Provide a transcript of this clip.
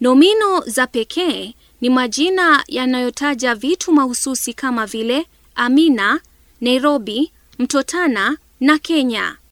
Nomino za pekee ni majina yanayotaja vitu mahususi kama vile Amina, Nairobi, Mtotana na Kenya.